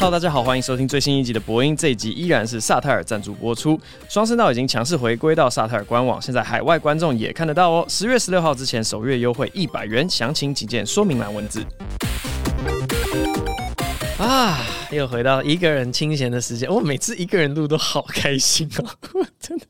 哈囉，大家好，歡迎收聽最新一集的《博音》。這一集依然是薩泰爾贊助播出，雙聲道已經強勢回歸到薩泰爾官網，現在海外觀眾也看得到哦。十月十六號之前首月優惠一百元，詳情請見說明欄文字。啊，又回到一個人清閒的時間，我每次一個人錄都好開心啊，哦，我 真的。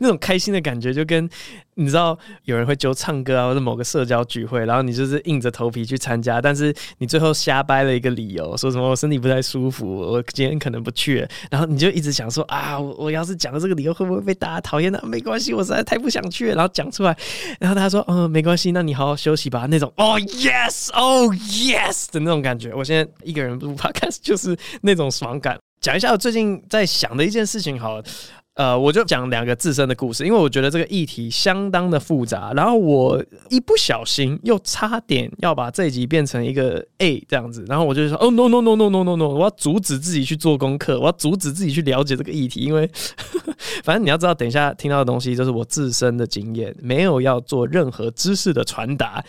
那種開心的感覺，就跟你知道有人會就唱歌啊，或者某個社交聚會，然後你就是硬着頭皮去參加，但是你最後瞎掰了一個理由，說什麼我身體不太舒服，我今天可能不去了，然後你就一直想說啊我，我要是講了這個理由，會不會被大家討厭呢？沒關係，我實在太不想去，然後講出來，然後他說，嗯，沒關係，那你好好休息吧。那種哦、oh、yes，哦、oh、yes 的那種感覺，我現在一個人不怕看，就是那種爽感。講一下我最近在想的一件事情好了，好。呃，我就講兩個自身的故事，因為我覺得這個議題相當的複雜。然後我一不小心又差點要把這集變成一個 A 這樣子，然後我就說：“哦，no no no no no no no，我要阻止自己去做功課，我要阻止自己去了解這個議題，因為呵呵反正你要知道，等一下聽到的東西就是我自身的經驗，沒有要做任何知識的傳達。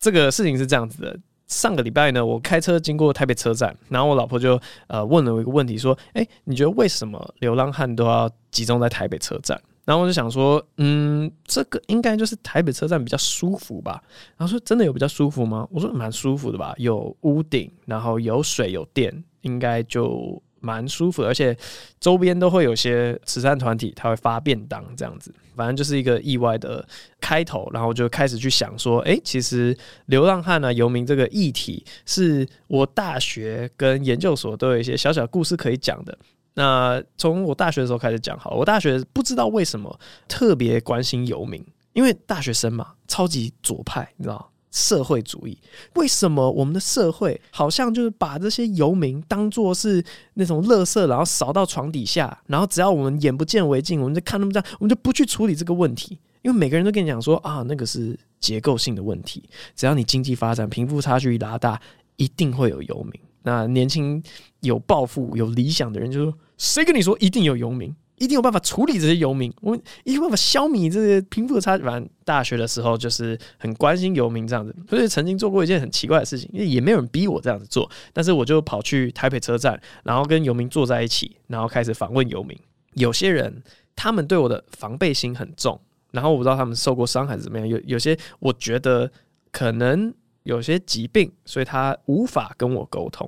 這個事情是這樣子的。”上個禮拜呢，我開車經過台北車站，然後我老婆就呃問了我一個問題，說：“誒，你覺得為什麼流浪漢都要集中在台北車站？”然後我就想說，嗯，這個應該就是台北車站比較舒服吧。然後說真的有比較舒服嗎？我說蠻舒服的吧，有屋頂，然後有水，有電，應該就。蠻舒服的，而且周邊都會有些慈善團體，他會發便當這樣子。反正就是一個意外的開頭，然後就開始去想說，欸，其實流浪漢啊，遊民這個議題，是我大學跟研究所都有一些小小故事可以講的。那從我大學的時候開始講好了，我大學不知道為什麼特別關心遊民，因為大學生嘛，超級左派，你知道嗎？社會主義，為什麼我們的社會好像就是把這些游民當做是那種垃圾，然後掃到床底下，然後只要我們眼不見為淨，我們就看他們這樣，我們就不去處理這個問題。因為每個人都跟你講說啊，那個是結構性的問題，只要你經濟發展、貧富差距一拉大，一定會有游民。那年輕有抱負、有理想的人就說：誰跟你說一定有游民？一定有辦法處理這些遊民，我一定有辦法消弭這些貧富差距。反正大學的時候就是很關心遊民這樣子，所以曾經做過一件很奇怪的事情，因為也沒有人逼我這樣子做，但是我就跑去台北車站，然後跟遊民坐在一起，然後開始訪問遊民。有些人他們對我的防備心很重，然後我不知道他們受過傷還是怎麼樣。有有些我覺得可能有些疾病，所以他無法跟我溝通。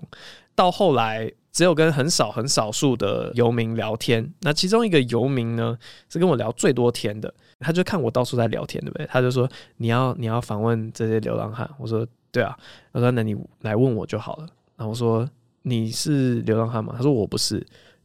到後來。只有跟很少很少數的遊民聊天，那其中一個遊民呢是跟我聊最多天的，他就看我到處在聊天，對不對？他就說，你要你要訪問這些流浪漢，我說對啊，他說那你來問我就好了。然後我說，你是流浪漢嗎？他說我不是。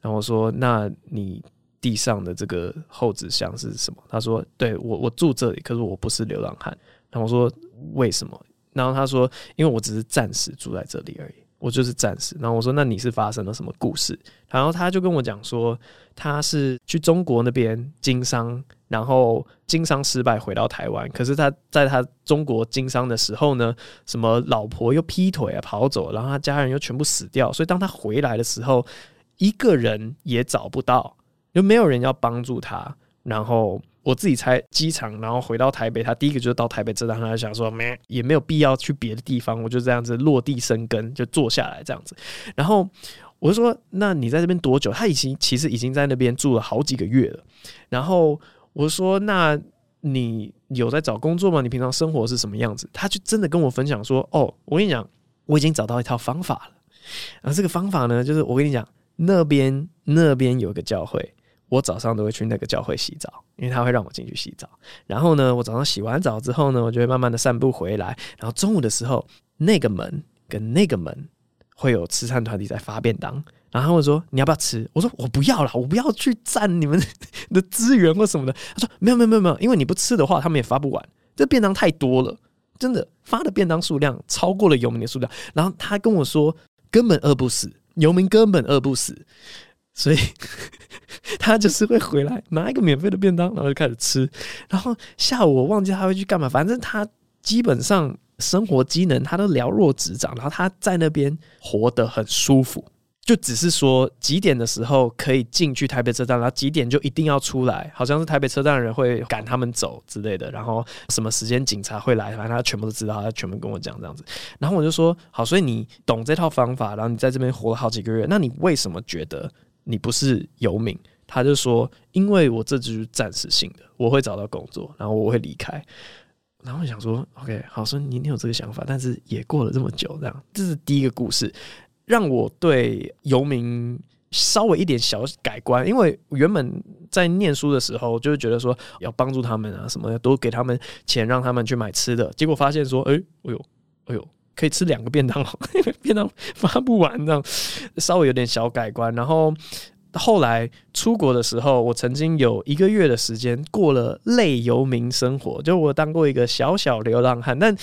然後我說，那你地上的這個厚紙箱是什麼？他說，對我我住這裡，可是我不是流浪漢。然後我說為什麼？然後他說因為我只是暫時住在這裡而已。我就是暫時。然後我說：“那你是發生了什麼故事？”然後他就跟我講說：“他是去中國那邊經商，然後經商失敗，回到台灣。可是他在他中國經商的時候呢，什麼老婆又劈腿啊，跑走，然後他家人又全部死掉。所以當他回來的時候，一個人也找不到，又沒有人要幫助他。”然後。我自己在機場，然後回到台北，他第一個就是到台北車站。他就想說，沒，也沒有必要去別的地方，我就這樣子落地生根，就坐下來這樣子。然後我就說，那你在這邊多久？他已經其實已經在那邊住了好幾個月了。然後我說，那你有在找工作嗎？你平常生活是什麼樣子？他就真的跟我分享說，哦，我跟你講，我已經找到一套方法了。然後這個方法呢，就是我跟你講，那邊那邊有一個教會。我早上都會去那個教會洗澡，因為他會讓我進去洗澡。然後呢，我早上洗完澡之後呢，我就會慢慢的散步回來。然後中午的時候，那個門跟那個門會有慈善團體在發便當，然後他會說，你要不要吃？我說我不要了，我不要去佔你們的資源或什麼的。他說沒有沒有沒有沒有，因為你不吃的話，他們也發不完。這便當太多了，真的發的便當數量超過了遊民的數量。然後他跟我說，根本餓不死，遊民根本餓不死。所以呵呵他就是會回來拿一個免費的便當，然後就開始吃。然後下午我忘記他會去幹嘛，反正他基本上生活機能他都寥若指掌。然後他在那邊活得很舒服，就只是說幾點的時候可以進去台北車站，然後幾點就一定要出來，好像是台北車站的人會趕他們走之類的。然後什麼時間警察會來，反正他全部都知道，他全部跟我講這樣子。然後我就說好，所以你懂這套方法，然後你在這邊活了好幾個月，那你為什麼覺得？你不是遊民，他就說，因為我這只是暫時性的，我會找到工作，然後我會離開。然後我想說，OK，好，說你有這個想法，但是也過了這麼久，這樣，這是第一個故事，讓我對遊民稍微一點小改觀，因為原本在念書的時候，就是覺得說要幫助他們啊，什麼的，都給他們錢，讓他們去買吃的，結果發現說，哎、欸，哎呦，哎呦。可以吃兩個便當了， 便當發不完，這樣稍微有點小改觀。然後後來出國的時候，我曾經有一個月的時間過了“類遊民”生活，就我當過一個小小流浪漢。但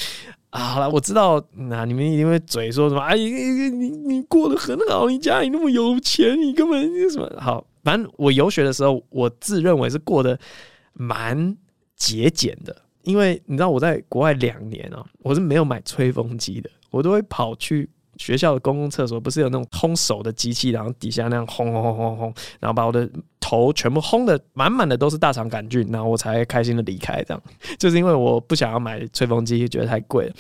啊好了，我知道那、嗯啊、你們一定會嘴說什麼：“啊、哎，你你你你過得很好，你家裡那麼有錢，你根本那什麼。”好，反正我遊學的時候，我自認為是過得蠻節儉的。因為你知道我在國外兩年啊、喔，我是沒有買吹風機的，我都會跑去學校的公共廁所，不是有那種烘手的機器，然後底下那樣轟轟轟轟轟，然後把我的。頭全部轟的滿滿的都是大腸桿菌，然後我才開心的離開，這樣。就是因為我不想要買吹風機，覺得太貴了。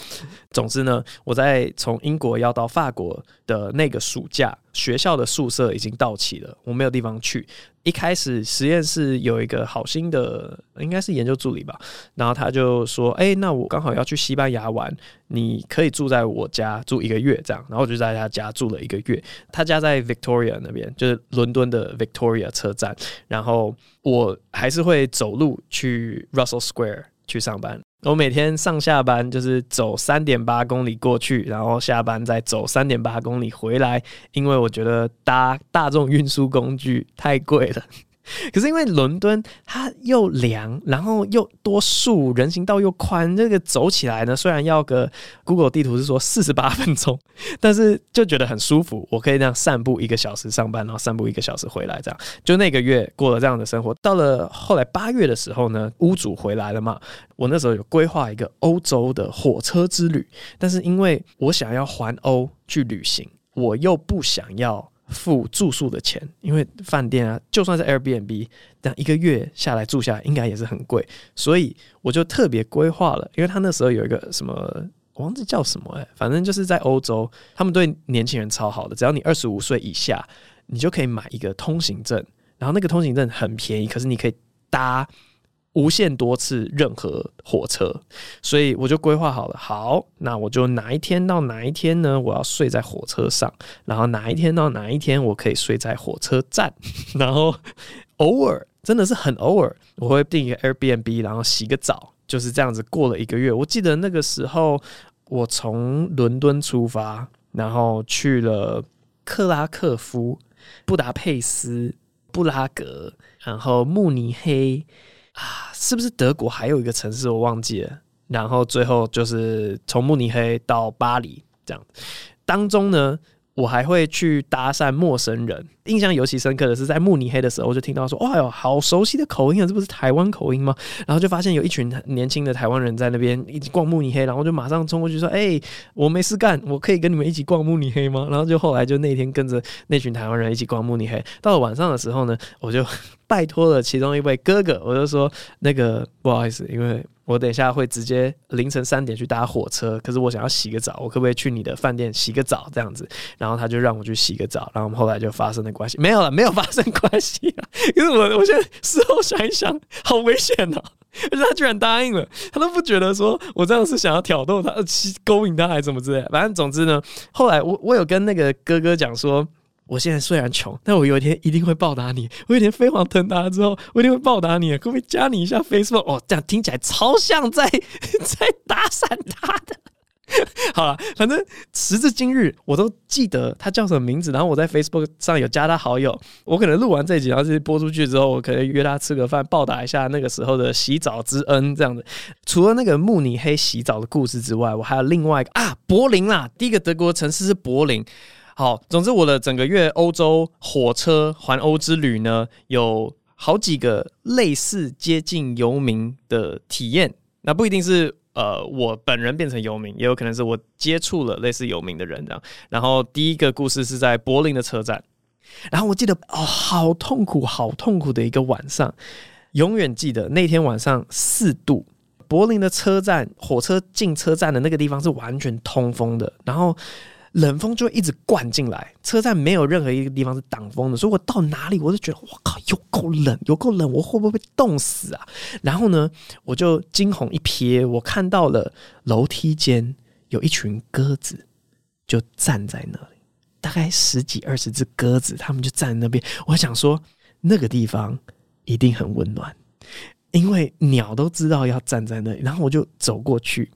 總之呢，我在從英國要到法國的那個暑假，學校的宿舍已經到期了，我沒有地方去。一開始實驗室有一個好心的，應該是研究助理吧，然後他就說：“哎、欸，那我剛好要去西班牙玩，你可以住在我家住一個月，這樣。”然後我就在他家住了一個月。他家在 Victoria 那邊，就是倫敦的 Victoria 車站。然後我還是會走路去 Russell Square 去上班。我每天上下班就是走三點八公里過去，然後下班再走三點八公里回來，因為我覺得搭大眾運輸工具太貴了。可是因為倫敦它又涼，然後又多樹，人行道又寬，這個走起來呢，雖然要個 Google 地圖是說四十八分鐘，但是就覺得很舒服。我可以這樣散步一個小時上班，然後散步一個小時回來，這樣就那個月過了這樣的生活。到了後來八月的時候呢，屋主回來了嘛，我那時候有規劃一個歐洲的火車之旅，但是因為我想要環歐去旅行，我又不想要。付住宿的錢，因為飯店啊，就算是 Airbnb，但一個月下來住下來應該也是很貴，所以我就特別規劃了，因為他那時候有一個什麼，我忘記叫什麼哎、欸，反正就是在歐洲，他們對年輕人超好的，只要你二十五歲以下，你就可以買一個通行證，然後那個通行證很便宜，可是你可以搭無限多次任何火車，所以我就規劃好了。好，那我就哪一天到哪一天呢？我要睡在火車上，然後哪一天到哪一天我可以睡在火車站，然後偶爾真的是很偶爾，我會訂一個 Airbnb，然後洗個澡，就是這樣子過了一個月。我記得那個時候，我從倫敦出發，然後去了克拉克夫、布達佩斯、布拉格，然後慕尼黑。啊，是不是德國還有一個城市我忘記了？然後最後就是從慕尼黑到巴黎這樣子，當中呢，我還會去搭訕陌生人。印象尤其深刻的是，在慕尼黑的時候，我就聽到說：“哇喲，好熟悉的口音啊，這不是台灣口音嗎？”然後就發現有一群年輕的台灣人在那邊一起逛慕尼黑，然後就馬上衝過去說：“哎、欸，我沒事幹，我可以跟你們一起逛慕尼黑嗎？”然後就後來就那天跟着那群台灣人一起逛慕尼黑。到了晚上的時候呢，我就 拜托了其中一位哥哥，我就說：“那個不好意思，因為我等一下會直接凌晨三點去搭火車，可是我想要洗個澡，我可不可以去你的飯店洗個澡這樣子？”然後他就讓我去洗個澡，然後我們後來就發生了、那個。關係沒有了，沒有發生關係啊！因為我我現在事後想一想，好危險吶、啊！而且他居然答應了，他都不覺得說我這樣是想要挑逗他、勾引他還是怎麼之類。反正總之呢，後來我我有跟那個哥哥講說，我現在雖然窮，但我有一天一定會報答你。我有一天飛黃騰達之後，我一定會報答你。可不可以加你一下 Facebook？哦，這樣聽起來超像在在搭訕他的。 好了，反正時至今日，我都記得他叫什麼名字。然後我在 Facebook 上有加他好友。我可能錄完這幾集，就播出去之後，我可能約他吃個飯，報答一下那個時候的洗澡之恩這樣子。除了那個慕尼黑洗澡的故事之外，我還有另外一個啊，柏林啦，第一個德國的城市是柏林。好，總之我的整個月歐洲火車環歐之旅呢，有好幾個類似接近遊民的體驗，那不一定是。呃，我本人變成遊民，也有可能是我接觸了類似遊民的人這樣。然後第一個故事是在柏林的車站，然後我記得哦，好痛苦，好痛苦的一個晚上，永遠記得那天晚上四度，柏林的車站，火車進車站的那個地方是完全通風的，然後。冷風就會一直灌進來，車站沒有任何一個地方是擋風的，所以我到哪裡我都覺得，我靠，有夠冷，有夠冷，我會不會被凍死啊？然後呢，我就驚鴻一瞥，我看到了樓梯間有一群鴿子，就站在那裡，大概十幾二十隻鴿子，他們就站在那邊。我想說，那個地方一定很溫暖，因為鳥都知道要站在那裡。然後我就走過去。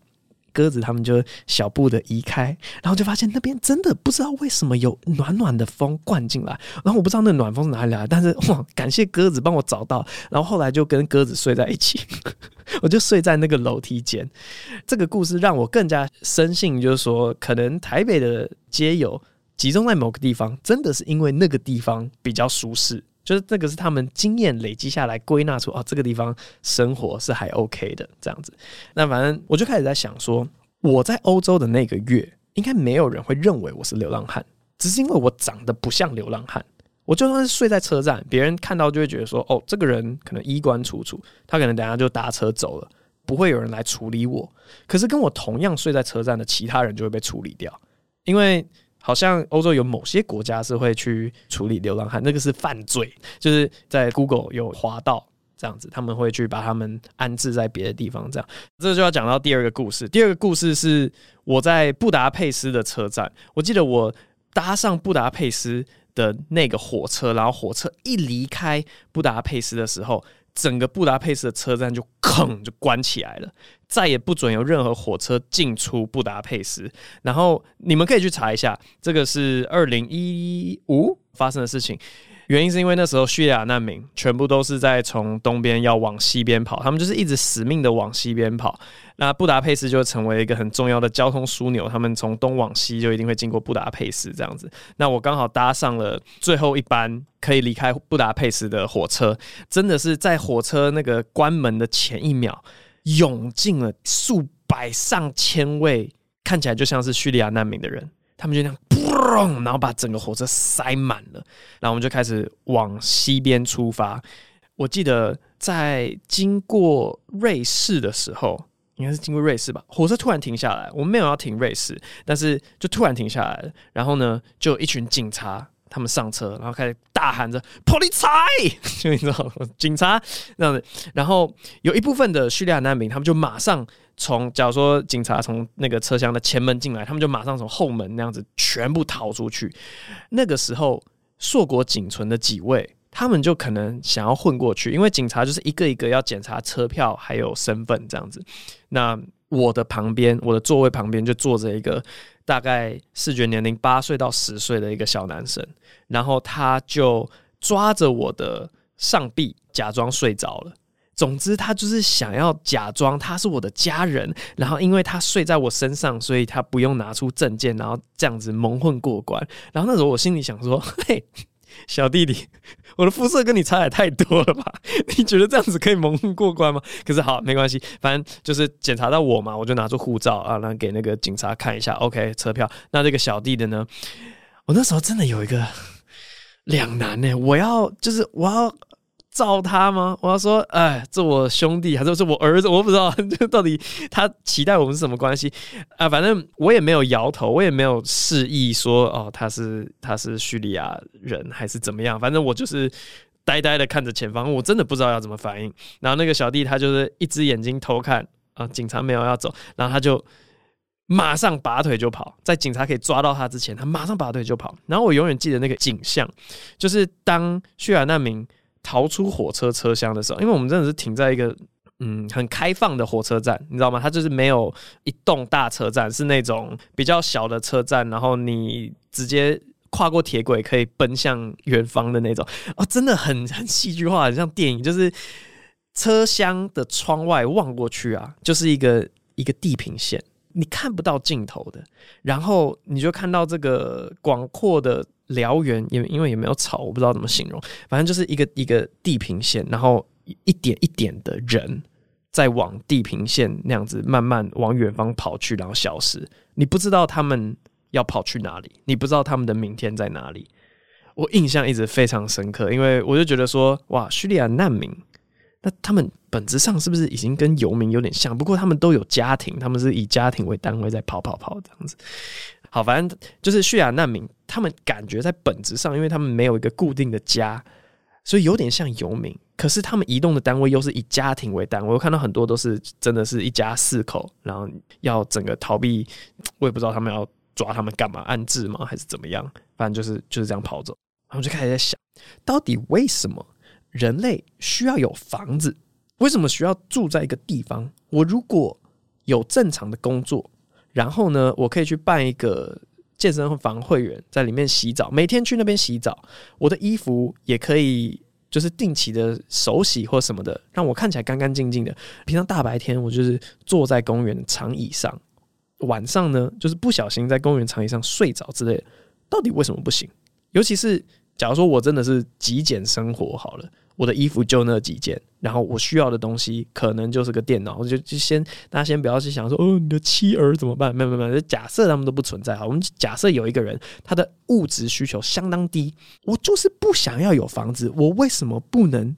鴿子，他們就小步的移開，然後就發現那邊真的不知道為什麼有暖暖的風灌進來，然後我不知道那暖風是哪裡來的，但是哇，感謝鴿子幫我找到，然後後來就跟鴿子睡在一起， 我就睡在那個樓梯間。這個故事讓我更加深信，就是說，可能台北的街友集中在某個地方，真的是因為那個地方比較舒適。就是這個是他們經驗累積下來歸納出啊，哦，這個地方生活是還 OK 的這樣子。那反正我就開始在想說，我在歐洲的那個月，應該沒有人會認為我是流浪漢，只是因為我長得不像流浪漢。我就算是睡在車站，別人看到就會覺得說，哦，這個人可能衣冠楚楚，他可能等下就搭車走了，不會有人來處理我。可是跟我同樣睡在車站的其他人就會被處理掉，因為。好像歐洲有某些國家是會去處理流浪漢，那個是犯罪，就是在 Google 有滑道這樣子，他們會去把他們安置在別的地方，這樣。這就要講到第二個故事。第二個故事是我在布達佩斯的車站，我記得我搭上布達佩斯的那個火車，然後火車一離開布達佩斯的時候。整個布達佩斯的車站就砰就關起來了，再也不准有任何火車進出布達佩斯。然後你們可以去查一下，這個是二零一五發生的事情。原因是因為那時候敘利亞難民全部都是在從東邊要往西邊跑，他們就是一直死命的往西邊跑。那布達佩斯就成為一個很重要的交通樞紐，他們從東往西就一定會經過布達佩斯這樣子。那我剛好搭上了最後一班可以離開布達佩斯的火車，真的是在火車那個關門的前一秒，湧進了數百上千位看起來就像是敘利亞難民的人。他們就那樣，砰，然後把整個火車塞滿了，然後我們就開始往西邊出發。我記得在經過瑞士的時候，應該是經過瑞士吧？火車突然停下來。我們沒有要停瑞士，但是就突然停下來了。然後呢，就有一群警察。他們上車，然後開始大喊着 “police”，你知道嗎，警察那樣子。然後有一部分的敘利亞難民，他們就馬上從，假如說警察從那個車廂的前門進來，他們就馬上從後門那樣子全部逃出去。那個時候，碩果僅存的幾位，他們就可能想要混過去，因為警察就是一個一個要檢查車票還有身份這樣子。那我的旁邊，我的座位旁邊就坐着一個。大概視覺年齡八歲到十歲的一個小男生，然後他就抓着我的上臂，假裝睡着了。總之，他就是想要假裝他是我的家人，然後因為他睡在我身上，所以他不用拿出證件，然後這樣子蒙混過關。然後那時候我心裡想說，嘿。小弟弟，我的膚色跟你差的太多了吧？你覺得這樣子可以蒙混過關嗎？可是好，沒關係，反正就是檢查到我嘛，我就拿出護照啊，然後給那個警察看一下。OK，車票。那這個小弟的呢？我那時候真的有一個兩難呢，我要就是我要招他嗎？我要說，哎，這是我兄弟還是，是我兒子？我不知道就到底他期待我們是什麼關係啊！反正我也沒有搖頭，我也沒有示意說哦，他是他是敘利亞人還是怎麼樣？反正我就是呆呆的看着前方，我真的不知道要怎麼反應。然後那個小弟他就是一隻眼睛偷看啊，警察沒有要走，然後他就馬上拔腿就跑，在警察可以抓到他之前，他馬上拔腿就跑。然後我永遠記得那個景象，就是當敘利亞難民逃出火車車廂的時候，因為我們真的是停在一個嗯很開放的火車站，你知道嗎？它就是沒有一棟大車站，是那種比較小的車站，然後你直接跨過鐵軌可以奔向遠方的那種哦，真的很很戲劇化，很像電影，就是車廂的窗外望過去啊，就是一個一個地平線，你看不到盡頭的，然後你就看到這個廣闊的。燎原，也因為也沒有草，我不知道怎麼形容，反正就是一個一個地平線，然後一點一點的人在往地平線那樣子慢慢往遠方跑去，然後消失。你不知道他們要跑去哪裡，你不知道他們的明天在哪裡。我印象一直非常深刻，因為我就覺得說，哇，敘利亞難民，那他們本質上是不是已經跟遊民有點像？不過他們都有家庭，他們是以家庭為單位在跑跑跑這樣子。好，反正就是敘利亞難民，他們感覺在本質上，因為他們沒有一個固定的家，所以有點像游民。可是他們移動的單位又是以家庭為單位，我看到很多都是真的是一家四口，然後要整個逃避，我也不知道他們要抓他們幹嘛，安置嗎？還是怎麼樣？反正就是就是這樣跑走，然後我就開始在想，到底為什麼人類需要有房子？為什麼需要住在一個地方？我如果有正常的工作，然後呢，我可以去辦一個健身房會員，在裡面洗澡，每天去那邊洗澡。我的衣服也可以就是定期的手洗或什麼的，讓我看起來乾乾淨淨的。平常大白天我就是坐在公園長椅上，晚上呢就是不小心在公園長椅上睡着之類的。到底為什麼不行？尤其是假如說我真的是極簡生活好了。我的衣服就那幾件，然後我需要的東西可能就是個電腦，我就就先大家先不要去想說，哦，你的妻兒怎麼辦？沒有沒有，就假設他們都不存在哈。我們假設有一個人，他的物質需求相當低，我就是不想要有房子，我為什麼不能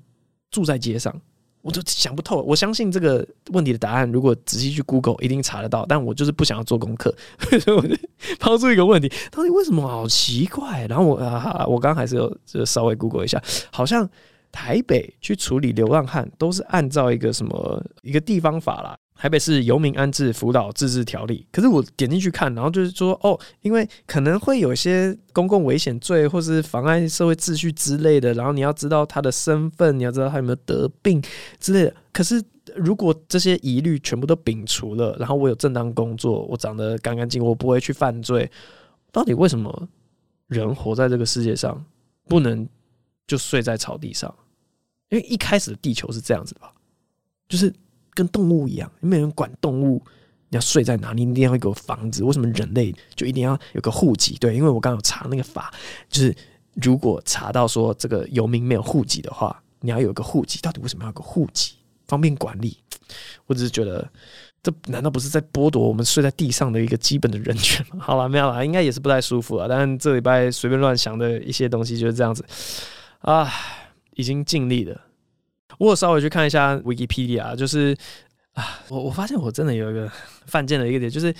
住在街上？我就想不透。我相信這個問題的答案，如果仔細去 Google，一定查得到。但我就是不想要做功課，所以我就拋出一個問題，到底為什麼好奇怪？然後我啊，我剛還是有就稍微 Google 一下，好像。台北去處理流浪漢都是按照一個什麼一個地方法啦。台北市遊民安置輔導自治條例。可是我點進去看，然後就是說哦，因為可能會有些公共危險罪或是妨礙社會秩序之類的，然後你要知道他的身份，你要知道他有沒有得病之類的。可是如果這些疑慮全部都摒除了，然後我有正當工作，我長得干干淨，我不會去犯罪，到底為什麼人活在這個世界上不能？嗯就睡在草地上，因為一開始的地球是這樣子的吧，就是跟動物一樣，沒有人管動物，你要睡在哪裡，你一定要有個房子。為什麼人類就一定要有個戶籍？對，因為我剛有查那個法，就是如果查到說這個游民沒有戶籍的話，你要有個戶籍。到底為什麼要有個戶籍？方便管理。我只是覺得，這難道不是在剝奪我們睡在地上的一個基本的人權嗎？好了，沒有了，應該也是不太舒服啊。但這禮拜隨便亂想的一些東西就是這樣子。啊，已經盡力了。我稍微去看一下 Wikipedia，就是啊，我我發現我真的有一個犯賤的一個點，就是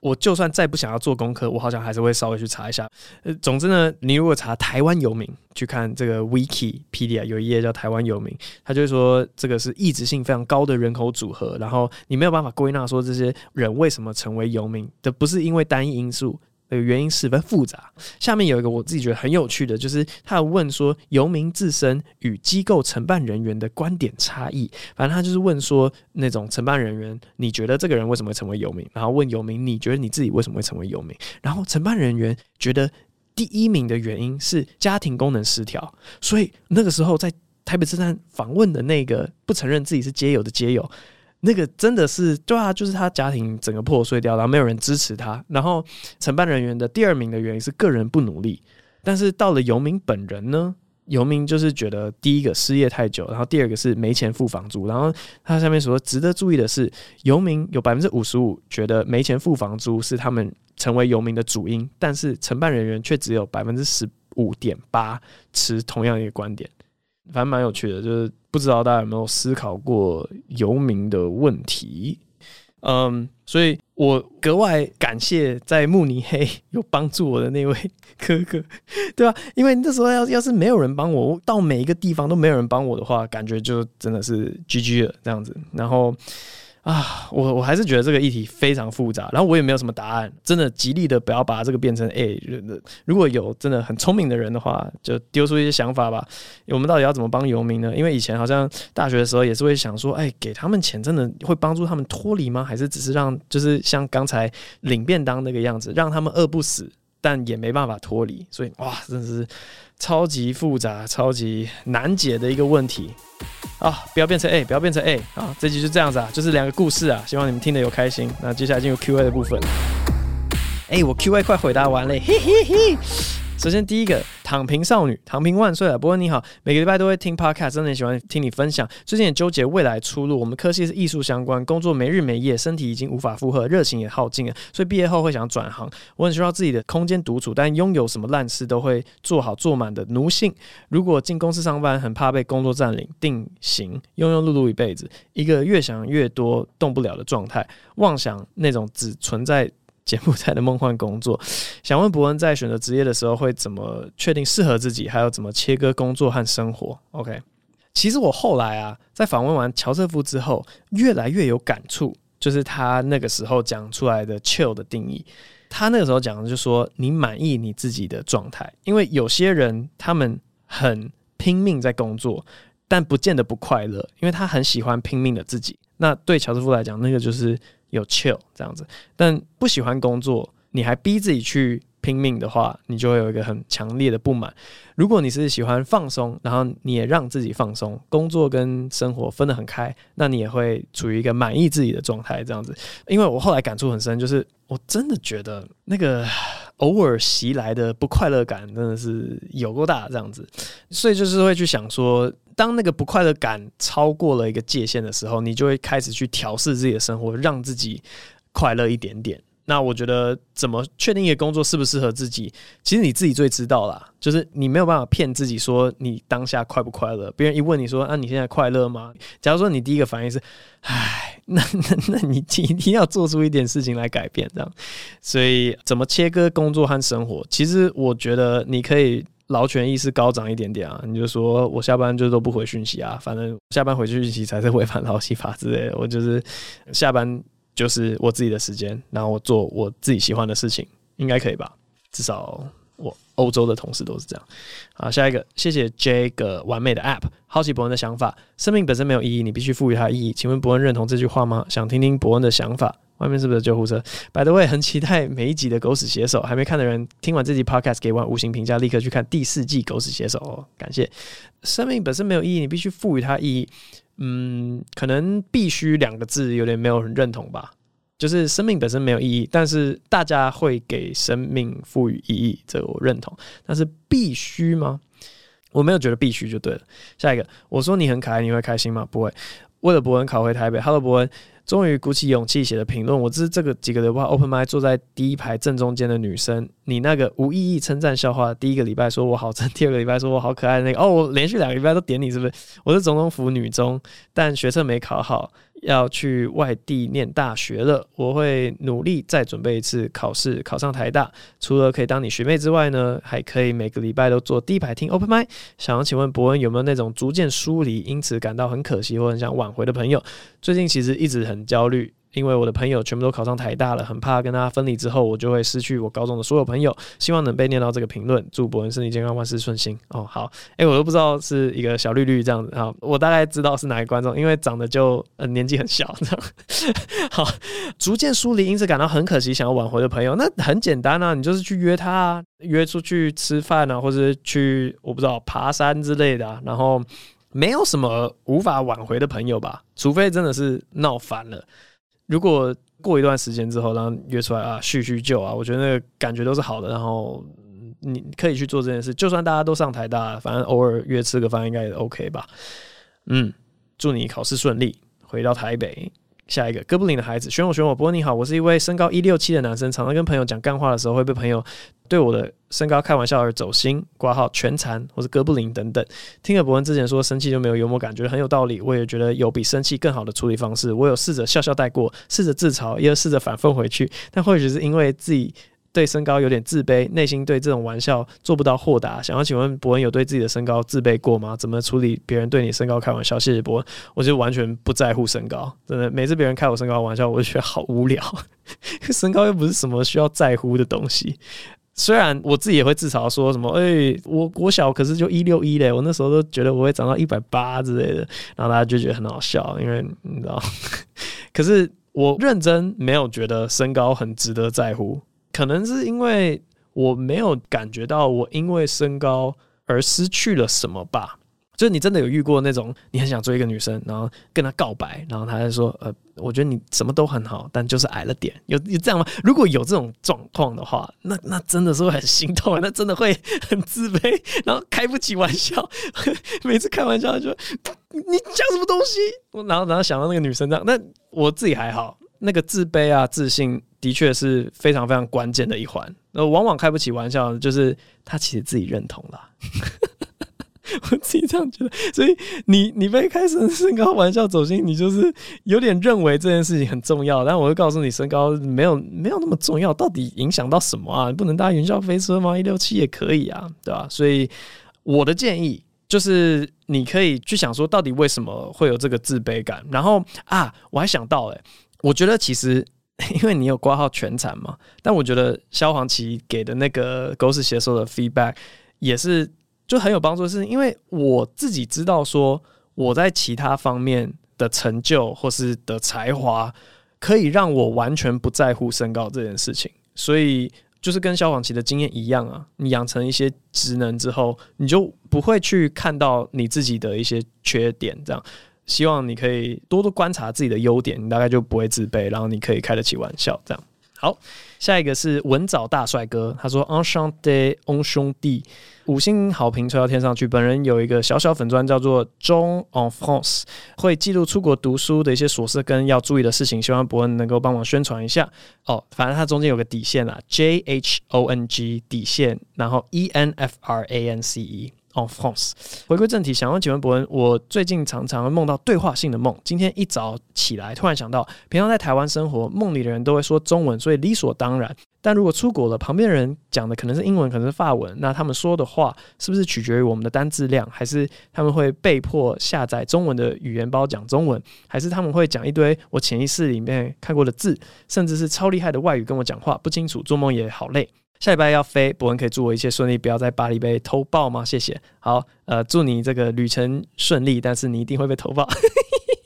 我就算再不想要做功課，我好像還是會稍微去查一下。呃，總之呢，你如果查台灣遊民去看這個 Wikipedia，有一頁叫台灣遊民，他就會說這個是異質性非常高的人口組合，然後你沒有辦法歸納說這些人為什麼成為遊民的，不是因為單一因素。這個原因十分複雜。下面有一個我自己覺得很有趣的就是，他問說遊民自身與機構承辦人員的觀點差異。反正他就是問說，那種承辦人員，你覺得這個人為什麼會成為遊民？然後問遊民，你覺得你自己為什麼會成為遊民？然後承辦人員覺得第一名的原因是家庭功能失調。所以那個時候在台北車站訪問的那個不承認自己是街友的街友。那個真的是對啊，就是他家庭整個破碎掉，然後沒有人支持他。然後承辦人員的第二名的原因是個人不努力，但是到了遊民本人呢，遊民就是覺得第一個失業太久，然後第二個是沒錢付房租。然後他下面說，值得注意的是，遊民有百分之五十五覺得沒錢付房租是他們成為遊民的主因，但是承辦人員卻只有百分之十五點八持同樣一個觀點。反正蠻有趣的，就是。不知道大家有沒有思考過遊民的問題，嗯，um，所以我格外感謝在慕尼黑有幫助我的那位哥哥，對吧？因為那時候要要是沒有人幫我，到每一個地方都沒有人幫我的話，感覺就真的是 GG 了這樣子。然後。啊，我我還是覺得這個議題非常複雜，然後我也沒有什麼答案，真的極力的不要把這個變成，欸，如果有真的很聰明的人的話，就丟出一些想法吧。我們到底要怎麼幫游民呢？因為以前好像大學的時候也是會想說，欸，給他們錢真的會幫助他們脫離嗎？還是只是讓就是像剛才領便當那個樣子，讓他們餓不死，但也沒辦法脫離。所以哇，真的是。超級複雜、超級難解的一個問題啊！不要變成 A、欸、不要變成 A、欸、啊！這集就這樣子啊，就是兩個故事啊，希望你們聽得有開心。那接下來進入 Q&A 的部分。誒、欸，我 Q&A 快回答完嘞，嘿嘿嘿。首先，第一個躺平少女，躺平萬歲了。博恩你好，每個禮拜都會聽 podcast，真的很喜歡聽你分享。最近也糾結未來出路。我們科系是藝術相關，工作沒日沒夜，身體已經無法負荷，熱情也耗盡了，所以畢業後會想轉行。我很需要自己的空間獨處，但擁有什麼爛事都會做好做滿的奴性。如果進公司上班，很怕被工作佔領定型，庸庸碌碌一輩子，一個越想越多動不了的狀態。妄想那種只存在柬埔寨的夢幻工作，想問博恩在選擇職業的時候會怎麼確定適合自己，還有怎麼切割工作和生活？OK，其實我後來啊，在訪問完喬瑟夫之後，越來越有感觸，就是他那個時候講出來的 “chill” 的定義。他那個時候講的就是說，你滿意你自己的狀態，因為有些人他們很拼命在工作，但不見得不快樂，因為他很喜歡拼命的自己。那對喬瑟夫來講，那個就是。有 chill 這樣子，但不喜歡工作，你還逼自己去拼命的話，你就會有一個很強烈的不滿。如果你是喜歡放鬆，然後你也讓自己放鬆，工作跟生活分得很開，那你也會處於一個滿意自己的狀態這樣子。因為我後來感觸很深，就是我真的覺得那個。偶爾襲來的不快樂感真的是有夠大這樣子，所以就是會去想說，當那個不快樂感超過了一個界限的時候，你就會開始去調適自己的生活，讓自己快樂一點點。那我覺得怎麼確定一個工作適不適合自己？其實你自己最知道啦，就是你沒有辦法騙自己說你當下快不快樂。別人一問你說啊，你現在快樂嗎？假如說你第一個反應是，唉，那那那你一定要做出一點事情來改變這樣。所以怎麼切割工作和生活？其實我覺得你可以勞權意識高漲一點點啊，你就說我下班就都不回訊息啊，反正下班回去訊息才是違反勞基法之類的。我就是下班。就是我自己的時間，然後我做我自己喜歡的事情，應該可以吧？至少我歐洲的同事都是這樣。好，下一個，謝謝 J 哥完美的 App。好奇博恩的想法：生命本身沒有意義，你必須賦予它意義。請問博恩認同這句話嗎？想聽聽博恩的想法。外面是不是救護車？by the way，很期待每一集的《狗屎寫手》。還沒看的人，聽完這集 Podcast 給完五星評價，立刻去看第四季《狗屎寫手》哦。感謝。生命本身沒有意義，你必須賦予它意義。嗯，可能必須兩個字有點沒有認同吧。就是生命本身沒有意義，但是大家會給生命賦予意義，這個我認同。但是必須嗎？我沒有覺得必須就對了。下一個，我說你很可愛，你會開心嗎？不會。為了博恩考回台北。哈嘍，博恩。終於鼓起勇氣寫的評論，我知這個幾個的話，open mic 坐在第一排正中間的女生，你那個無意義稱讚笑話，第一個禮拜說我好讚，第二個禮拜說我好可愛，那個哦，我連續兩個禮拜都點你是不是？我是總統府女中，但學測沒考好。要去外地念大學了，我會努力再準備一次考試，考上台大。除了可以當你學妹之外呢，還可以每個禮拜都坐第一排聽 Open Mic，想要請問博恩有沒有那種逐漸疏離，因此感到很可惜或很想挽回的朋友？最近其實一直很焦慮。因為我的朋友全部都考上台大了，很怕跟他分離之後，我就會失去我高中的所有朋友。希望能被念到這個評論，祝博恩身體健康，萬事順心哦。好，誒、欸，我都不知道是一個小綠綠這樣子啊。我大概知道是哪一個觀眾，因為長得就嗯、呃、年紀很小這樣。 好，逐漸疏離，因此感到很可惜，想要挽回的朋友，那很簡單啊，你就是去約他、啊，約出去吃飯啊，或者去我不知道爬山之類的啊。然後沒有什麼無法挽回的朋友吧，除非真的是鬧翻了。如果過一段時間之後，然後約出來啊，敘敘舊啊，我覺得那個感覺都是好的。然後你可以去做這件事，就算大家都上台大，反正偶爾約吃個飯應該也 OK 吧。嗯，祝你考試順利，回到台北。下一個哥布林的孩子，選我，選我。不過你好，我是一位身高一六七的男生，常常跟朋友講幹話的時候會被朋友對我的身高開玩笑而走心，括號全殘或是哥布林等等。聽了博恩之前說生氣就沒有幽默感，覺得很有道理。我也覺得有比生氣更好的處理方式。我有試着笑笑帶過，試着自嘲，也有試着反諷回去。但或許是因為自己對身高有點自卑，內心對這種玩笑做不到豁達。想要請問博恩，有對自己的身高自卑過嗎？怎麼處理別人對你身高開玩笑？謝謝博恩。我就完全不在乎身高，真的。每次別人開我身高玩笑，我就覺得好無聊。 身高又不是什麼需要在乎的東西。雖然我自己也會自嘲說什麼，哎、欸，我我小，可是就一六一嘞。我那時候都覺得我會長到一百八之類的，然後大家就覺得很好笑，因為你知道， 可是我認真沒有覺得身高很值得在乎，可能是因為我沒有感覺到我因為身高而失去了什麼吧。就是你真的有遇過那種你很想追一個女生，然後跟她告白，然後她就說：“呃，我覺得你什麼都很好，但就是矮了點。”有，有有這樣嗎？如果有這種狀況的話，那那真的是會很心痛啊，那真的會很自卑，然後開不起玩笑，每次開玩笑就你講什麼東西？然後然後想到那個女生這樣，那我自己還好，那個自卑啊、自信的確是非常非常關鍵的一環。那往往開不起玩笑，就是她其實自己認同了。 我自己這樣覺得，所以你你被開始身高玩笑走進，你就是有點認為這件事情很重要，但我會告訴你，身高沒有沒有那麼重要，到底影響到什麼啊？你不能搭雲霄飛車嗎？一六七也可以啊，對吧？啊？所以我的建議就是，你可以去想說，到底為什麼會有這個自卑感？然後啊，我還想到，誒，我覺得其實因為你有掛號全產嘛，但我覺得蕭煌奇給的那個狗屎寫手的 feedback 也是。就很有幫助的是，是因為我自己知道說我在其他方面的成就或是的才華，可以讓我完全不在乎身高這件事情。所以就是跟消防奇的經驗一樣啊，你養成一些職能之後，你就不會去看到你自己的一些缺點。這樣，希望你可以多多觀察自己的優點，你大概就不會自卑，然後你可以開得起玩笑。這樣，好。下一個是文藻大帥哥，他說 Enchanté, on 兄弟，五星好評吹到天上去。本人有一個小小粉專叫做 John en France，會記錄出國讀書的一些瑣事跟要注意的事情，希望博恩能夠幫忙宣傳一下。哦，反正他中間有個底線啦，J H O N G 底線，然後 E N F R A N C E。哦，France。回歸正題，想要請問博文，我最近常常夢到對話性的夢。今天一早起來，突然想到，平常在台灣生活，夢裡的人都會說中文，所以理所當然。但如果出國了，旁邊的人講的可能是英文，可能是法文，那他們說的話是不是取決於我們的單字量？還是他們會被迫下載中文的語言包講中文？還是他們會講一堆我潛意識裡面看過的字，甚至是超厲害的外語跟我講話？不清楚，做夢也好累。下禮拜要飛，博文可以祝我一切順利，不要在巴黎被偷爆嗎？謝謝。好，呃，祝你這個旅程順利，但是你一定會被偷爆。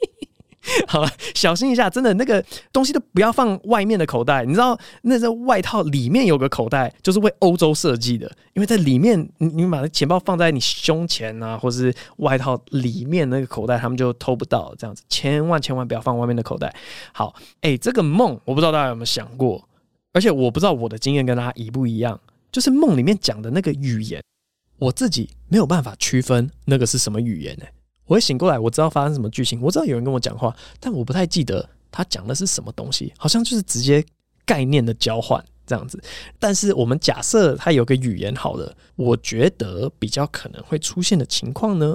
好了，小心一下，真的，那個東西都不要放外面的口袋。你知道，那這個、外套裡面有個口袋，就是為歐洲設計的，因為在裡面，你你把錢包放在你胸前啊，或是外套裡面那個口袋，他們就偷不到這樣子。千萬千萬不要放外面的口袋。好，哎、欸，這個夢我不知道大家有沒有想過。而且我不知道我的經驗跟他一不一樣，就是夢裡面講的那個語言，我自己沒有辦法區分那個是什麼語言呢、欸？我一醒過來，我知道發生什麼劇情，我知道有人跟我講話，但我不太記得他講的是什麼東西，好像就是直接概念的交換這樣子。但是我們假設他有個語言，好了，我覺得比較可能會出現的情況呢，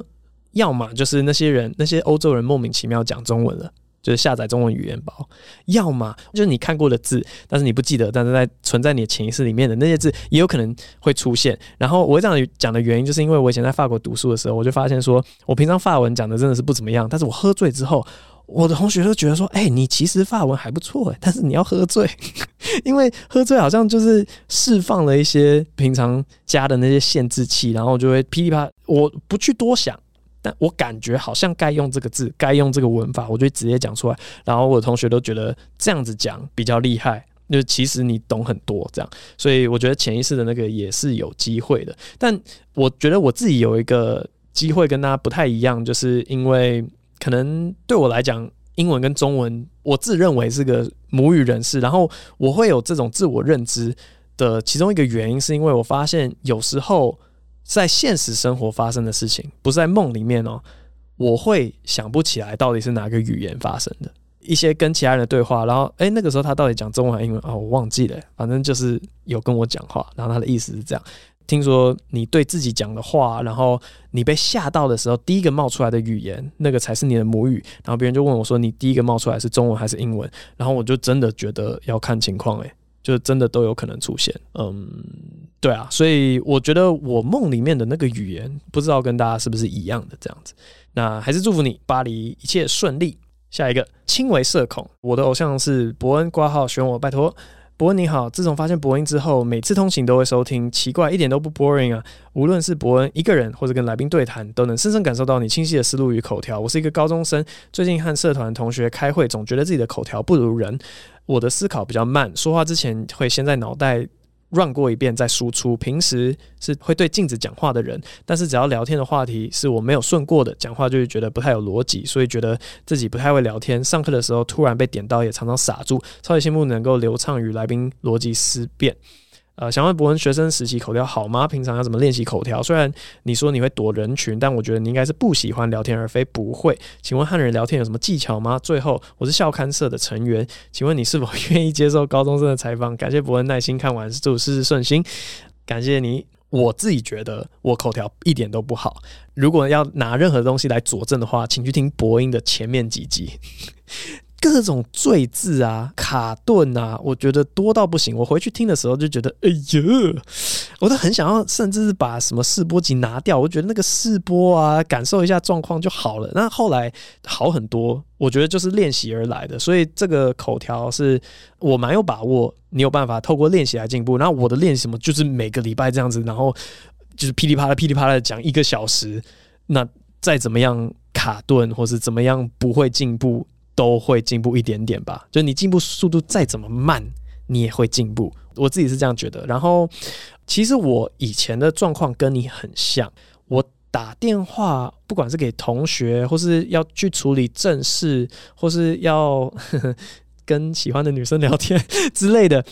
要麼就是那些人，那些歐洲人莫名其妙講中文了。就是下載中文語言包，要麼就是你看過的字，但是你不記得，但是在存在你的潛意識裡面的那些字，也有可能會出現。然後我這樣講的原因，就是因為我以前在法國讀書的時候，我就發現說我平常法文講的真的是不怎麼樣，但是我喝醉之後，我的同學都覺得說，哎、欸，你其實法文還不錯，哎，但是你要喝醉， 因為喝醉好像就是釋放了一些平常加的那些限制器，然後就會噼裡啪，我不去多想。但我感覺好像該用這個字，該用這個文法，我就直接講出來。然後我的同學都覺得這樣子講比較厲害，就是、其實你懂很多這樣。所以我覺得潛意識的那個也是有機會的。但我覺得我自己有一個機會跟大家不太一樣，就是因為可能對我來講，英文跟中文，我自認為是個母語人士，然後我會有這種自我認知的其中一個原因，是因為我發現有時候。在現實生活發生的事情，不是在夢裡面哦，我會想不起來到底是哪個語言發生的。一些跟其他人的對話，然後，欸，那個時候他到底講中文還是英文啊？我忘記了，反正就是有跟我講話，然後他的意思是這樣：聽說你對自己講的話，然後你被嚇到的時候，第一個冒出來的語言，那個才是你的母語。然後別人就問我說：“你第一個冒出來是中文還是英文？”然後我就真的覺得要看情況誒。就真的都有可能出現，嗯，對啊，所以我覺得我夢裡面的那個語言，不知道跟大家是不是一樣的這樣子。那還是祝福你巴黎一切順利。下一個，輕微社恐，我的偶像是博恩，括號選我，拜託，博恩你好。自從發現博恩之後，每次通勤都會收聽，奇怪一點都不 boring 啊。無論是博恩一個人，或者跟來賓對談，都能深深感受到你清晰的思路與口條。我是一個高中生，最近和社團同學開會，總覺得自己的口條不如人。我的思考比較慢，說話之前會先在腦袋 run 過一遍再輸出。平時是會對鏡子講話的人，但是只要聊天的話題是我沒有順過的，講話就會覺得不太有邏輯，所以覺得自己不太會聊天。上課的時候突然被點到也常常傻住，超級羨慕能夠流暢與來賓邏輯思辨。呃，想問博文學生時期口條好嗎？平常要怎麼練習口條？雖然你說你會躲人群，但我覺得你應該是不喜歡聊天，而非不會。請問和人聊天有什麼技巧嗎？最後，我是校刊社的成員，請問你是否願意接受高中生的採訪？感謝博文耐心看完，祝事事順心。感謝你，我自己覺得我口條一點都不好。如果要拿任何東西來佐證的話，請去聽博音的前面幾集。 各種“贅”字啊、卡頓啊，我覺得多到不行。我回去聽的時候就覺得，哎呀，我都很想要，甚至是把什麼試播集拿掉。我覺得那個試播啊，感受一下狀況就好了。那後來好很多，我覺得就是練習而來的。所以這個口條是我蠻有把握，你有辦法透過練習來進步。那我的練習什麼，就是每個禮拜這樣子，然後就是噼里啪啦、噼里啪啦講一個小時。那再怎麼樣卡頓，或是怎麼樣不會進步。都會進步一點點吧，就是你進步速度再怎麼慢，你也會進步。我自己是這樣覺得。然後，其實我以前的狀況跟你很像。我打電話，不管是給同學，或是要去處理正事，或是要呵呵跟喜歡的女生聊天之類的，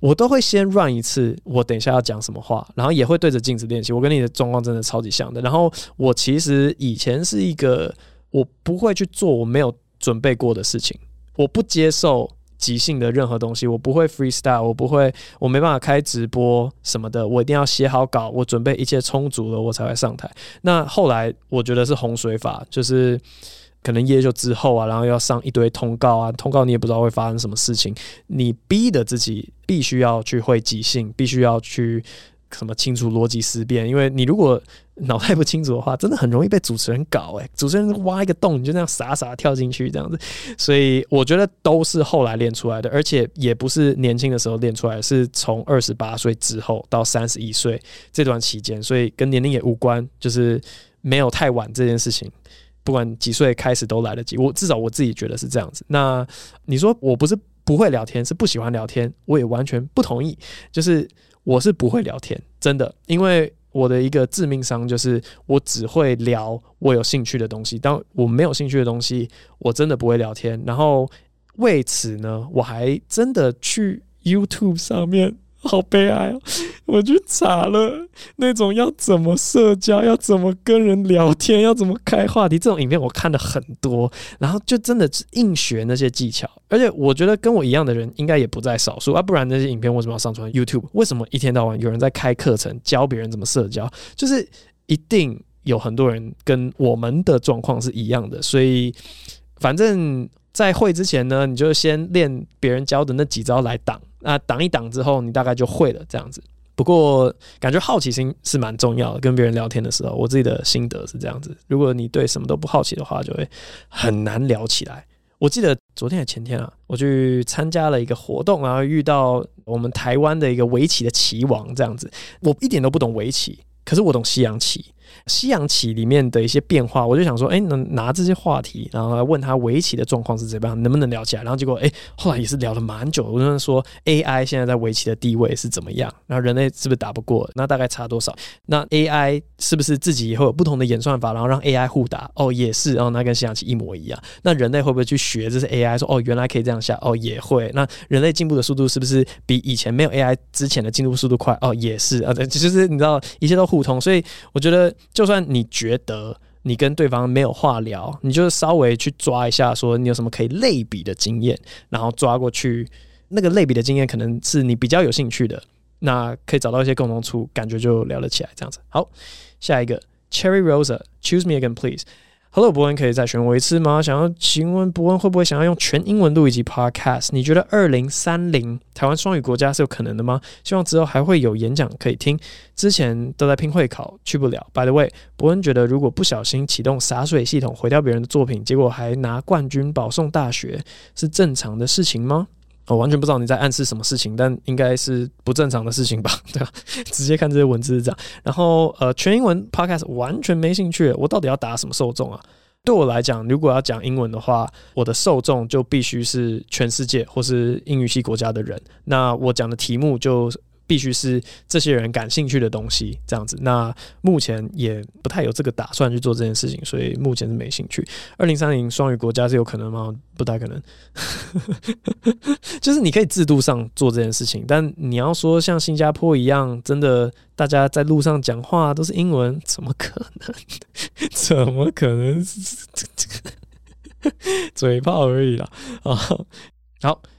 我都會先 run 一次，我等一下要講什麼話，然後也會對着鏡子練習。我跟你的狀況真的超級像的。然後，我其實以前是一個，我不會去做，我沒有。準備過的事情，我不接受即興的任何東西，我不會 freestyle，我不會，我沒辦法開直播什麼的，我一定要寫好稿，我準備一切充足了，我才會上台。那後來我覺得是洪水法，就是可能也就之後啊，然後要上一堆通告啊，通告你也不知道會發生什麼事情，你逼得自己必須要去會即興，必須要去。什麼清楚邏輯思辨？因為你如果腦袋不清楚的話，真的很容易被主持人搞、欸。誒。主持人挖一個洞，你就那樣傻傻跳進去這樣子。所以我覺得都是後來練出來的，而且也不是年輕的時候練出來，是從二十八歲之後到三十一歲這段期間。所以跟年齡也無關，就是沒有太晚這件事情，不管幾歲開始都來得及。我至少我自己覺得是這樣子。那你說我不是不會聊天，是不喜歡聊天，我也完全不同意。就是。我是不會聊天，真的，因為我的一個致命傷就是我只會聊我有興趣的東西，當我沒有興趣的東西，我真的不會聊天。然後為此呢，我還真的去 YouTube 上面。好悲哀哦！我去查了那種要怎麼社交，要怎麼跟人聊天，要怎麼開話題，這種影片我看了很多，然後就真的硬學那些技巧。而且我覺得跟我一樣的人應該也不在少數啊，不然那些影片為什麼要上傳 YouTube？為什麼一天到晚有人在開課程教別人怎麼社交？就是一定有很多人跟我們的狀況是一樣的，所以反正在會之前呢，你就先練別人教的那幾招來擋。那擋一擋之後，你大概就會了這樣子。不過感覺好奇心是蠻重要的。跟別人聊天的時候，我自己的心得是這樣子：如果你對什麼都不好奇的話，就會很難聊起來。我記得昨天還前天啊，我去參加了一個活動，然後遇到我們台灣的一個圍棋的棋王這樣子。我一點都不懂圍棋，可是我懂西洋棋。西洋棋裡面的一些變化，我就想說，哎、欸，能拿這些話題，然後來問他圍棋的狀況是怎麼樣，能不能聊起來？然後結果，哎、欸，後來也是聊了蠻久。我就說，AI 現在在圍棋的地位是怎麼樣？然後人類是不是打不過？那大概差多少？那 AI 是不是自己會有不同的演算法，然後讓 AI 互打？哦，也是，然後那跟西洋棋一模一樣。那人類會不會去學？這是 AI 說，哦，原來可以這樣下，哦，也會。那人類進步的速度是不是比以前沒有 AI 之前的進步速度快？哦，也是啊。對，就是你知道，一切都互通，所以我覺得。就算你覺得你跟對方沒有話聊，你就是稍微去抓一下，說你有什麼可以類比的經驗，然後抓過去，那個類比的經驗可能是你比較有興趣的，那可以找到一些共同處，感覺就聊得起來這樣子。好，下一個，Cherry Rosa，choose me again please。Hello，伯恩，可以再選我一次嗎？想要請問伯恩會不會想要用全英文錄一集 Podcast？你覺得二零三零台灣雙語國家是有可能的嗎？希望之後還會有演講可以聽。之前都在拼會考，去不了。By the way，伯恩覺得如果不小心啟動灑水系統毀掉別人的作品，結果還拿冠軍保送大學，是正常的事情嗎？哦，我完全不知道你在暗示什麼事情，但應該是不正常的事情吧，對吧，啊？直接看這些文字是這樣。然後，呃，全英文 podcast 完全沒興趣。我到底要打什麼受眾啊？對我來講，如果要講英文的話，我的受眾就必須是全世界或是英語系國家的人。那我講的題目就，必須是這些人感興趣的東西，這樣子。那目前也不太有這個打算去做這件事情，所以目前是沒興趣。二零三零雙語國家是有可能嗎？不太可能。 就是你可以制度上做這件事情，但你要說像新加坡一樣，真的大家在路上講話都是英文，怎麼可能？ 怎麼可能是？ 嘴炮而已啦。啊！好，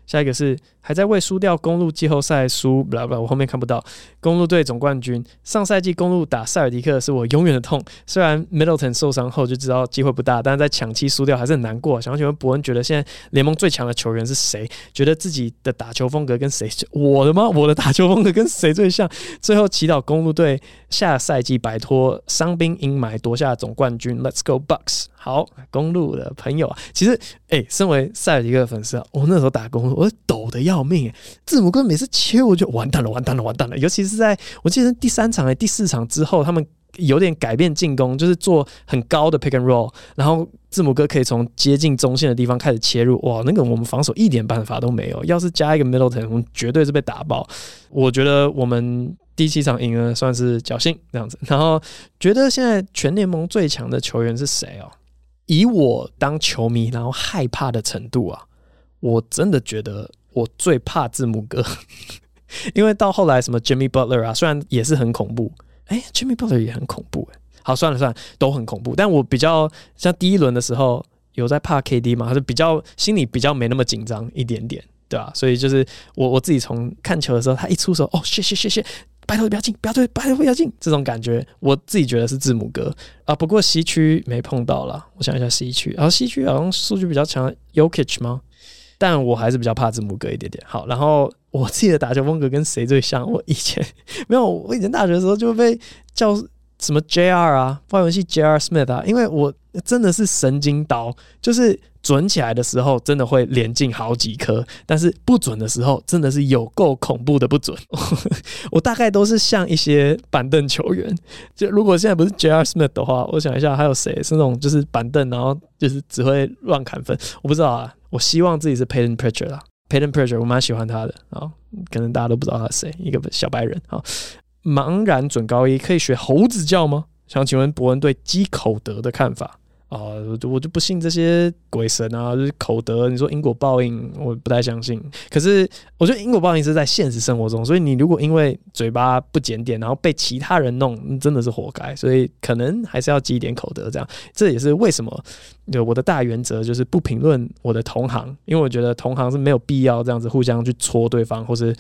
下一個是。還在為輸掉公鹿季後賽輸，不不，我後面看不到公鹿隊總冠軍。上賽季公鹿打塞爾迪克是我永遠的痛。雖然 Middleton 受傷後就知道機會不大，但是在搶七輸掉還是很難過。想要請問博恩，覺得現在聯盟最強的球員是誰？覺得自己的打球風格跟誰？我的嗎？我的打球風格跟誰最像？最後祈禱公鹿隊下賽季擺脫傷兵陰霾，奪下總冠軍。Let's go Bucks！好，公鹿的朋友啊，其實哎、欸，身為塞爾迪克的粉絲啊，我、哦、那時候打公鹿，我抖的要要命！字母哥每次切我就完蛋了，完蛋了，完蛋了。尤其是在我記得第三場、還第四場之後，他們有點改變進攻，就是做很高的 pick and roll，然後字母哥可以從接近中線的地方開始切入。哇，那個我們防守一點辦法都沒有。要是加一個 Middleton，我們絕對是被打爆。我覺得我們第七場贏了算是僥倖這樣子。然後覺得現在全聯盟最強的球員是誰哦、喔？以我當球迷然後害怕的程度啊，我真的覺得。我最怕字母哥， 因為到後來什麼 Jimmy Butler 啊，雖然也是很恐怖，哎、欸、Jimmy Butler 也很恐怖、欸，哎，好算了算了，都很恐怖。但我比較像第一輪的時候有在怕 KD 嘛，還是比較心裡比較沒那麼緊張一點點，對吧、啊？所以就是我我自己從看球的時候，他一出手，哦，謝謝謝謝，拜托不要進，不要對，拜托不要進。這種感覺，我自己覺得是字母哥啊。不過西區沒碰到了，我想一下西區，啊，西區好像數據比較強，Jokic 嗎？但我還是比較怕字母哥一點點。好，然後我自己的打球風格跟誰最像？我以前沒有，我以前大學的時候就被教。什麼 JR 啊，外文系 JR Smith 啊，因為我真的是神經刀，就是準起來的時候真的會連進好幾顆，但是不準的時候真的是有夠恐怖的不準。 我大概都是像一些板凳球員，就如果現在不是 JR Smith 的話，我想一下還有誰是那種就是板凳，然後就是只會亂砍分。我不知道啊，我希望自己是 Payton Pritchard 啦，Payton Pritchard，我蠻喜歡他的啊，可能大家都不知道他是誰，一個小白人啊。茫然準高一，可以學猴子叫嗎？想請問博恩對積口德的看法啊、呃，我就不信這些鬼神啊，就是、口德，你說因果報應，我不太相信。可是我覺得因果報應是在現實生活中，所以你如果因為嘴巴不檢點，然後被其他人弄，你真的是活該。所以可能還是要積一點口德，這樣這也是為什麼我的大原則就是不評論我的同行，因為我覺得同行是沒有必要這樣子互相去戳對方，或是。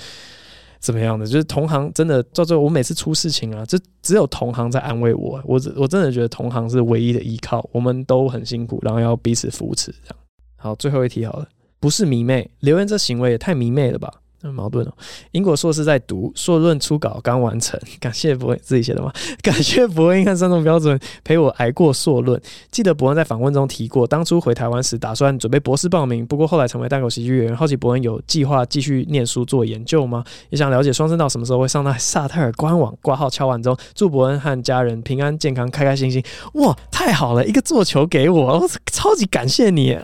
怎麼樣的？就是同行真的，叫做我每次出事情啊，就只有同行在安慰我。我我真的覺得同行是唯一的依靠。我們都很辛苦，然後要彼此扶持。這樣。好，最後一題好了，不是迷妹，留言這行為也太迷妹了吧？嗯、矛盾哦，英國碩士在讀，碩論初稿剛完成。感謝伯恩自己寫的嗎？感謝伯恩和三重標準陪我挨過碩論。記得伯恩在訪問中提過，當初回台灣時打算準備博士報名，不過後來成為單口喜劇演員。好奇伯恩有計劃繼續念書做研究嗎？也想了解雙聲道什麼時候會上到薩泰爾官網掛號敲完之後，祝伯恩和家人平安健康，開開心心。哇，太好了，一個做球給我，超級感謝你。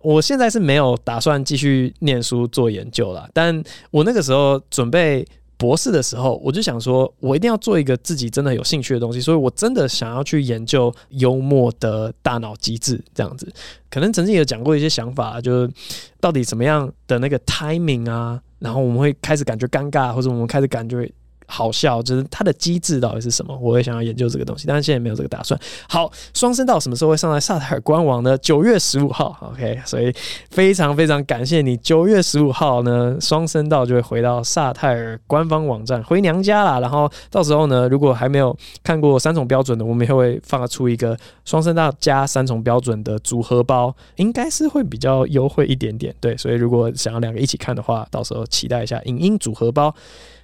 我現在是沒有打算繼續念書做研究了，但。我那個時候準備博士的時候，我就想說，我一定要做一個自己真的有興趣的東西，所以我真的想要去研究幽默的大腦機制，這樣子。可能曾經有講過一些想法，就是到底怎麼樣的那個 timing 啊，然後我們會開始感覺尷尬，或者我們開始感覺。好笑，就是它的機制到底是什麼？我也想要研究這個東西，但是現在沒有這個打算。好，雙聲道什麼時候會上來薩泰爾官網呢？九月十五號，OK。所以非常非常感謝你。九月十五號呢，雙聲道就會回到薩泰爾官方網站回娘家啦。然後到時候呢，如果還沒有看過三重標準的，我們也會放出一個雙聲道加三重標準的組合包，應該是會比較優惠一點點。對，所以如果想要兩個一起看的話，到時候期待一下影音組合包。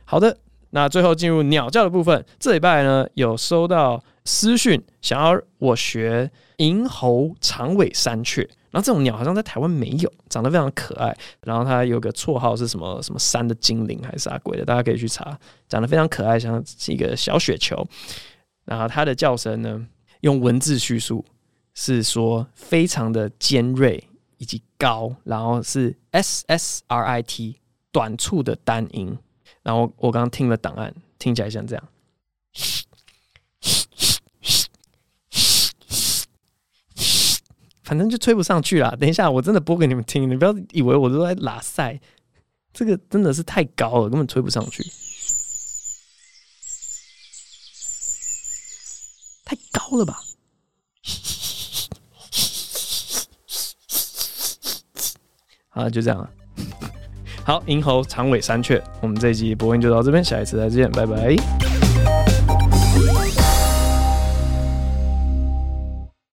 好的。那最後進入鳥叫的部分，這禮拜呢有收到私訊，想要我學銀喉長尾山雀。然後這種鳥好像在台灣沒有，長得非常可愛。然後它有個綽號是什麼？什麼山的精靈還是啥鬼的？大家可以去查。長得非常可愛，像是一個小雪球。然後它的叫聲呢，用文字敘述是說非常的尖銳以及高，然後是 S S R I T 短促的單音。然後我剛剛聽了檔案，聽起來像這樣，反正就吹不上去了。等一下，我真的播給你們聽，你不要以為我都在喇賽，這個真的是太高了，根本吹不上去，太高了吧？好，就這樣了。好，銀喉長尾山雀，我們這一集播音就到這邊，下一次再見，拜拜。